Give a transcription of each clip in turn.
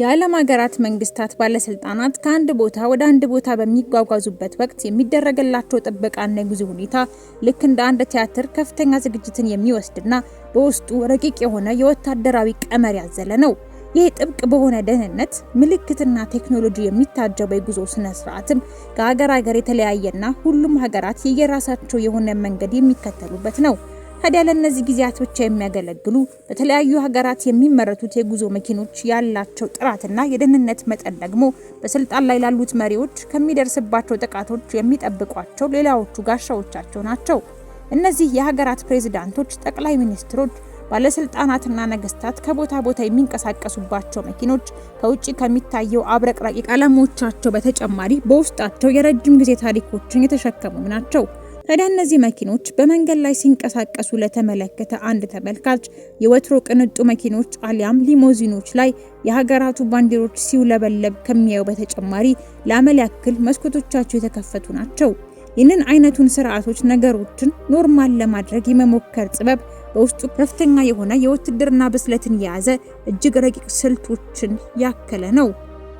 የዓለም ሀገራት መንግስታት ባለስልጣናት ከአንድ ቦታ ወደ አንድ ቦታ በሚጓጓዙበት ወቅት የሚደረግላቸው ጥበቃና የጉዞ ሁኔታ ልክ እንደ አንድ ቲያትር ከፍተኛ ዝግጅትን የሚወስድና በውስጡ ረቂቅ የሆነ የወታደራዊ ቀመር ያዘለ ነው። ይህ ጥብቅ በሆነ ደህንነት ምልክትና ቴክኖሎጂ የሚታጀበው የጉዞ ስነ ስርዓትም ከሀገር ሀገር የተለያየና ሁሉም ሀገራት የየራሳቸው የሆነ መንገድ የሚከተሉበት ነው። ታዲያ ለእነዚህ ጊዜያት ብቻ የሚያገለግሉ በተለያዩ ሀገራት የሚመረቱት የጉዞ መኪኖች ያላቸው ጥራትና የደህንነት መጠን ደግሞ በስልጣን ላይ ላሉት መሪዎች ከሚደርስባቸው ጥቃቶች የሚጠብቋቸው ሌላዎቹ ጋሻዎቻቸው ናቸው። እነዚህ የሀገራት ፕሬዝዳንቶች፣ ጠቅላይ ሚኒስትሮች፣ ባለስልጣናትና ነገስታት ከቦታ ቦታ የሚንቀሳቀሱባቸው መኪኖች ከውጭ ከሚታየው አብረቅራቂ ቀለሞቻቸው በተጨማሪ በውስጣቸው የረጅም ጊዜ ታሪኮችን የተሸከሙም ናቸው። ታዲያ እነዚህ መኪኖች በመንገድ ላይ ሲንቀሳቀሱ ለተመለከተ አንድ ተመልካች የወትሮ ቅንጡ መኪኖች አሊያም ሊሞዚኖች ላይ የሀገራቱ ባንዲሮች ሲውለበለብ ከሚያዩ በተጨማሪ ለአመል ያክል መስኮቶቻቸው የተከፈቱ ናቸው። ይህንን አይነቱን ስርዓቶች ነገሮችን ኖርማል ለማድረግ የመሞከር ጥበብ በውስጡ ከፍተኛ የሆነ የውትድርና ብስለትን የያዘ እጅግ ረቂቅ ስልቶችን ያከለ ነው።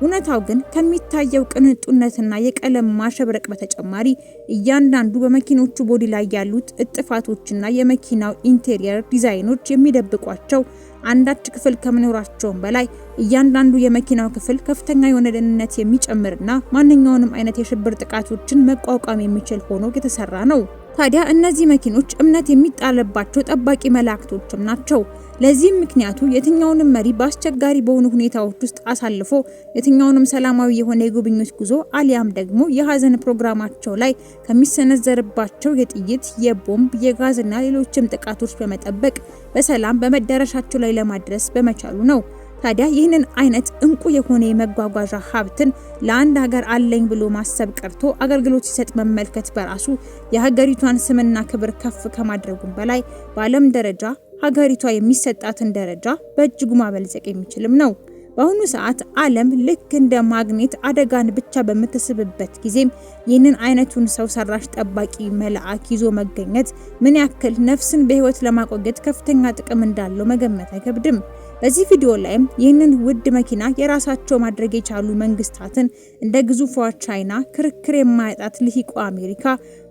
እውነታው ግን ከሚታየው ቅንጡነትና የቀለም ማሸብረቅ በተጨማሪ እያንዳንዱ በመኪኖቹ ቦዲ ላይ ያሉት እጥፋቶችና የመኪናው ኢንቴሪየር ዲዛይኖች የሚደብቋቸው አንዳች ክፍል ከመኖራቸውም በላይ እያንዳንዱ የመኪናው ክፍል ከፍተኛ የሆነ ደህንነት የሚጨምርና ማንኛውንም አይነት የሽብር ጥቃቶችን መቋቋም የሚችል ሆኖ የተሰራ ነው። ታዲያ እነዚህ መኪኖች እምነት የሚጣልባቸው ጠባቂ መላእክቶችም ናቸው። ለዚህም ምክንያቱ የትኛውንም መሪ በአስቸጋሪ በሆኑ ሁኔታዎች ውስጥ አሳልፎ የትኛውንም ሰላማዊ የሆነ የጉብኝት ጉዞ አሊያም ደግሞ የሀዘን ፕሮግራማቸው ላይ ከሚሰነዘርባቸው የጥይት፣ የቦምብ፣ የጋዝና ሌሎችም ጥቃቶች በመጠበቅ በሰላም በመዳረሻቸው ላይ ለማድረስ በመቻሉ ነው። ታዲያ ይህንን አይነት እንቁ የሆነ የመጓጓዣ ሀብትን ለአንድ ሀገር አለኝ ብሎ ማሰብ ቀርቶ አገልግሎት ሲሰጥ መመልከት በራሱ የሀገሪቷን ስምና ክብር ከፍ ከማድረጉም በላይ በዓለም ደረጃ ሀገሪቷ የሚሰጣትን ደረጃ በእጅጉ ማበልጸቅ የሚችልም ነው። በአሁኑ ሰዓት ዓለም ልክ እንደ ማግኔት አደጋን ብቻ በምትስብበት ጊዜም ይህንን አይነቱን ሰው ሰራሽ ጠባቂ መልአክ ይዞ መገኘት ምን ያክል ነፍስን በህይወት ለማቆየት ከፍተኛ ጥቅም እንዳለው መገመት አይከብድም። በዚህ ቪዲዮ ላይም ይህንን ውድ መኪና የራሳቸው ማድረግ የቻሉ መንግስታትን እንደ ግዙፏ ቻይና፣ ክርክር የማያጣት ልሂቋ አሜሪካ፣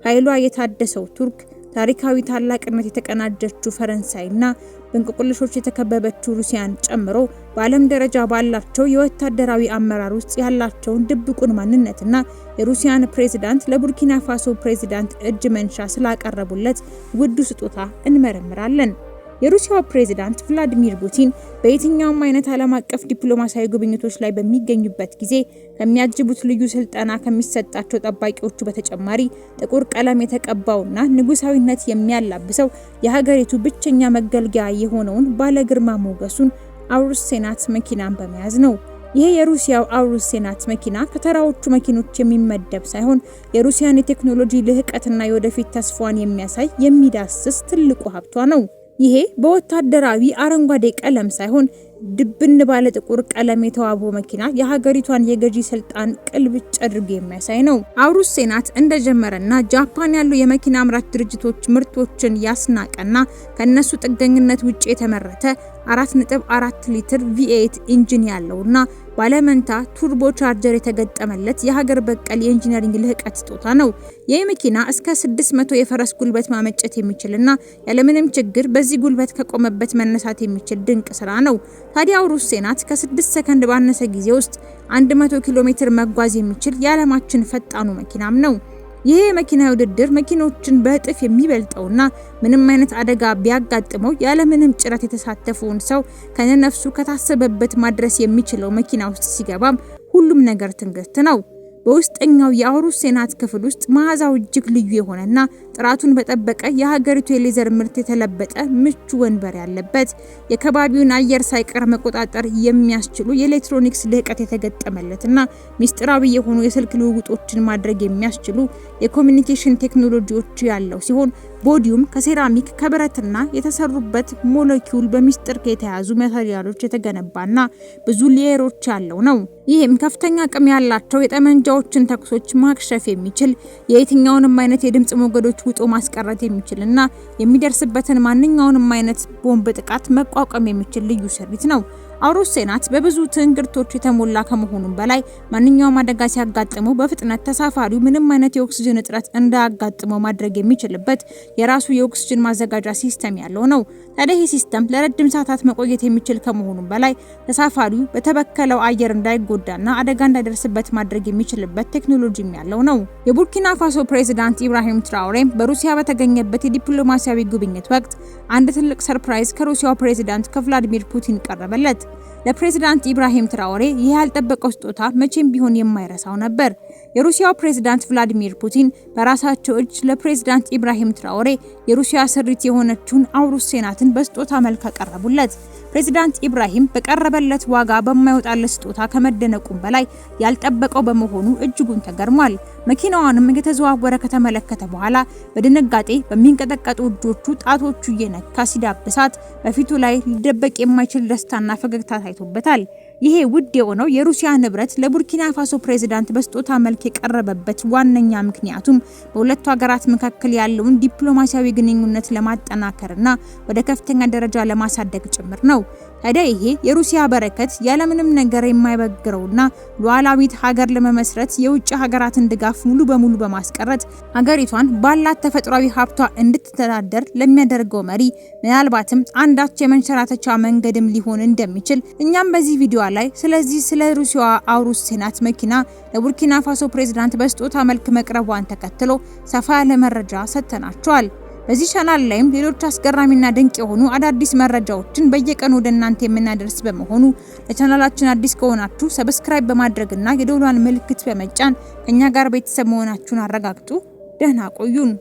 ኃይሏ የታደሰው ቱርክ ታሪካዊ ታላቅነት የተቀናጀችው ፈረንሳይና በእንቆቅልሾች የተከበበችው ሩሲያን ጨምሮ በዓለም ደረጃ ባላቸው የወታደራዊ አመራር ውስጥ ያላቸውን ድብቁን ማንነትና የሩሲያን ፕሬዝዳንት ለቡርኪና ፋሶ ፕሬዚዳንት እጅ መንሻ ስላቀረቡለት ውዱ ስጦታ እንመረምራለን። የሩሲያው ፕሬዝዳንት ቭላዲሚር ፑቲን በየትኛውም አይነት ዓለም አቀፍ ዲፕሎማሲያዊ ጉብኝቶች ላይ በሚገኙበት ጊዜ ከሚያጅቡት ልዩ ስልጠና ከሚሰጣቸው ጠባቂዎቹ በተጨማሪ ጥቁር ቀለም የተቀባውና ንጉሳዊነት የሚያላብሰው የሀገሪቱ ብቸኛ መገልገያ የሆነውን ባለ ግርማ ሞገሱን አውሩስ ሴናት መኪናን በመያዝ ነው። ይህ የሩሲያው አውሩስ ሴናት መኪና ከተራዎቹ መኪኖች የሚመደብ ሳይሆን የሩሲያን የቴክኖሎጂ ልህቀትና የወደፊት ተስፋዋን የሚያሳይ የሚዳስስ ትልቁ ሀብቷ ነው። ይሄ በወታደራዊ አረንጓዴ ቀለም ሳይሆን ድብን ባለ ጥቁር ቀለም የተዋበው መኪና የሀገሪቷን የገዢ ስልጣን ቅልብጭ አድርጎ የሚያሳይ ነው። አውሩስ ሴናት እንደጀመረና ጃፓን ያሉ የመኪና አምራች ድርጅቶች ምርቶችን ያስናቀና ከነሱ ጥገኝነት ውጭ የተመረተ 4.4 ሊትር ቪኤት ኢንጂን ያለውና ባለመንታ ቱርቦ ቻርጀር የተገጠመለት የሀገር በቀል የኢንጂነሪንግ ልህቀት ስጦታ ነው። ይህ መኪና እስከ 600 የፈረስ ጉልበት ማመጨት የሚችልና ያለምንም ችግር በዚህ ጉልበት ከቆመበት መነሳት የሚችል ድንቅ ስራ ነው። ታዲያ ሩስ ሴናት ከ6 ሰከንድ ባነሰ ጊዜ ውስጥ 100 ኪሎ ሜትር መጓዝ የሚችል የዓለማችን ፈጣኑ መኪናም ነው። ይህ የመኪና ውድድር መኪኖችን በእጥፍ የሚበልጠውና ምንም አይነት አደጋ ቢያጋጥመው ያለምንም ጭረት የተሳተፈውን ሰው ከነነፍሱ ከታሰበበት ማድረስ የሚችለው መኪና ውስጥ ሲገባም ሁሉም ነገር ትንግርት ነው። በውስጠኛው የአውሩስ ሴናት ክፍል ውስጥ መዓዛው እጅግ ልዩ የሆነና ጥራቱን በጠበቀ የሀገሪቱ የሌዘር ምርት የተለበጠ ምቹ ወንበር ያለበት የከባቢውን አየር ሳይቀር መቆጣጠር የሚያስችሉ የኤሌክትሮኒክስ ልህቀት የተገጠመለትና ሚስጥራዊ የሆኑ የስልክ ልውውጦችን ማድረግ የሚያስችሉ የኮሚኒኬሽን ቴክኖሎጂዎች ያለው ሲሆን ቦዲውም ከሴራሚክ ከብረትና የተሰሩበት ሞለኪውል በሚስጥር ከተያዙ ማቴሪያሎች የተገነባና ብዙ ሌየሮች ያለው ነው። ይህም ከፍተኛ አቅም ያላቸው የጠመንጃዎችን ተኩሶች ማክሸፍ የሚችል የየትኛውንም አይነት የድምጽ ሞገዶች ውጦ ማስቀረት የሚችል እና የሚደርስበትን ማንኛውንም አይነት ቦምብ ጥቃት መቋቋም የሚችል ልዩ ስሪት ነው። አውሮስ ሴናት በብዙ ትንግርቶች የተሞላ ከመሆኑም በላይ ማንኛውም አደጋ ሲያጋጥመው በፍጥነት ተሳፋሪው ምንም አይነት የኦክስጅን እጥረት እንዳያጋጥመው ማድረግ የሚችልበት የራሱ የኦክስጅን ማዘጋጃ ሲስተም ያለው ነው። ታዲያ ይህ ሲስተም ለረጅም ሰዓታት መቆየት የሚችል ከመሆኑም በላይ ተሳፋሪው በተበከለው አየር እንዳይጎዳና አደጋ እንዳይደርስበት ማድረግ የሚችልበት ቴክኖሎጂም ያለው ነው። የቡርኪና ፋሶ ፕሬዚዳንት ኢብራሂም ትራውሬም በሩሲያ በተገኘበት የዲፕሎማሲያዊ ጉብኝት ወቅት አንድ ትልቅ ሰርፕራይዝ ከሩሲያው ፕሬዚዳንት ከቭላዲሚር ፑቲን ቀረበለት። ለፕሬዝዳንት ኢብራሂም ትራኦሬ ይህ ያልጠበቀው ስጦታ መቼም ቢሆን የማይረሳው ነበር። የሩሲያው ፕሬዝዳንት ቭላዲሚር ፑቲን በራሳቸው እጅ ለፕሬዝዳንት ኢብራሂም ትራኦሬ የሩሲያ ስሪት የሆነችውን አውሩስ ሴናትን በስጦታ መልክ አቀረቡለት። ፕሬዝዳንት ኢብራሂም በቀረበለት ዋጋ በማይወጣለት ስጦታ ከመደነቁም በላይ ያልጠበቀው በመሆኑ እጅጉን ተገርሟል። መኪናዋንም እየተዘዋወረ ከተመለከተ በኋላ በድንጋጤ በሚንቀጠቀጡ እጆቹ ጣቶቹ እየነካ ሲዳብሳት በፊቱ ላይ ሊደበቅ የማይችል ደስታና ፈገግታ ታይቶበታል። ይሄ ውድ የሆነው የሩሲያ ንብረት ለቡርኪና ፋሶ ፕሬዝዳንት በስጦታ መልክ የቀረበበት ዋነኛ ምክንያቱም በሁለቱ ሀገራት መካከል ያለውን ዲፕሎማሲያዊ ግንኙነት ለማጠናከርና ወደ ከፍተኛ ደረጃ ለማሳደግ ጭምር ነው። ታዲያ ይሄ የሩሲያ በረከት ያለምንም ነገር የማይበግረውና ሉዓላዊት ሀገር ለመመስረት የውጭ ሀገራትን ድጋፍ ሙሉ በሙሉ በማስቀረት ሀገሪቷን ባላት ተፈጥሯዊ ሀብቷ እንድትተዳደር ለሚያደርገው መሪ ምናልባትም አንዳች የመንሸራተቻ መንገድም ሊሆን እንደሚችል እኛም በዚህ ቪዲዮ ላይ ስለዚህ ስለ ሩሲያዋ አውሩስ ሴናት መኪና ለቡርኪና ፋሶ ፕሬዝዳንት በስጦታ መልክ መቅረቧን ተከትሎ ሰፋ ያለ መረጃ ሰጥተናቸዋል። በዚህ ቻናል ላይም ሌሎች አስገራሚና ድንቅ የሆኑ አዳዲስ መረጃዎችን በየቀኑ ወደ እናንተ የምናደርስ በመሆኑ ለቻናላችን አዲስ ከሆናችሁ ሰብስክራይብ በማድረግና የደውሏን ምልክት በመጫን ከኛ ጋር ቤተሰብ መሆናችሁን አረጋግጡ። ደህና ቆዩን።